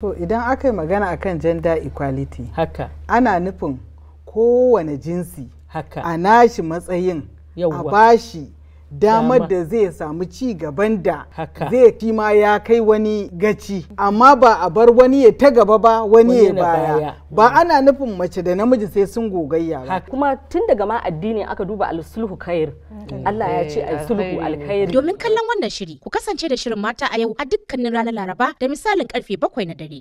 so idan aka yi magana akan gender equality, haka ana nufin kowane jinsi haka a nashi matsayin a bashi damar da zai samu ci gaban da zai fi ma ya kai wani gaci amma ba a bar wani ya ta gaba ba wani ya baya mm. ba ana nufin mace da namiji sai sun gogayya ba kuma tun daga ma addini aka duba alsulhu khair mm. Allah ya ce alsulhu alkhair domin kallon wannan shiri ku kasance da shirin mata a yau a dukkanin ranar Laraba da misalin karfe bakwai na dare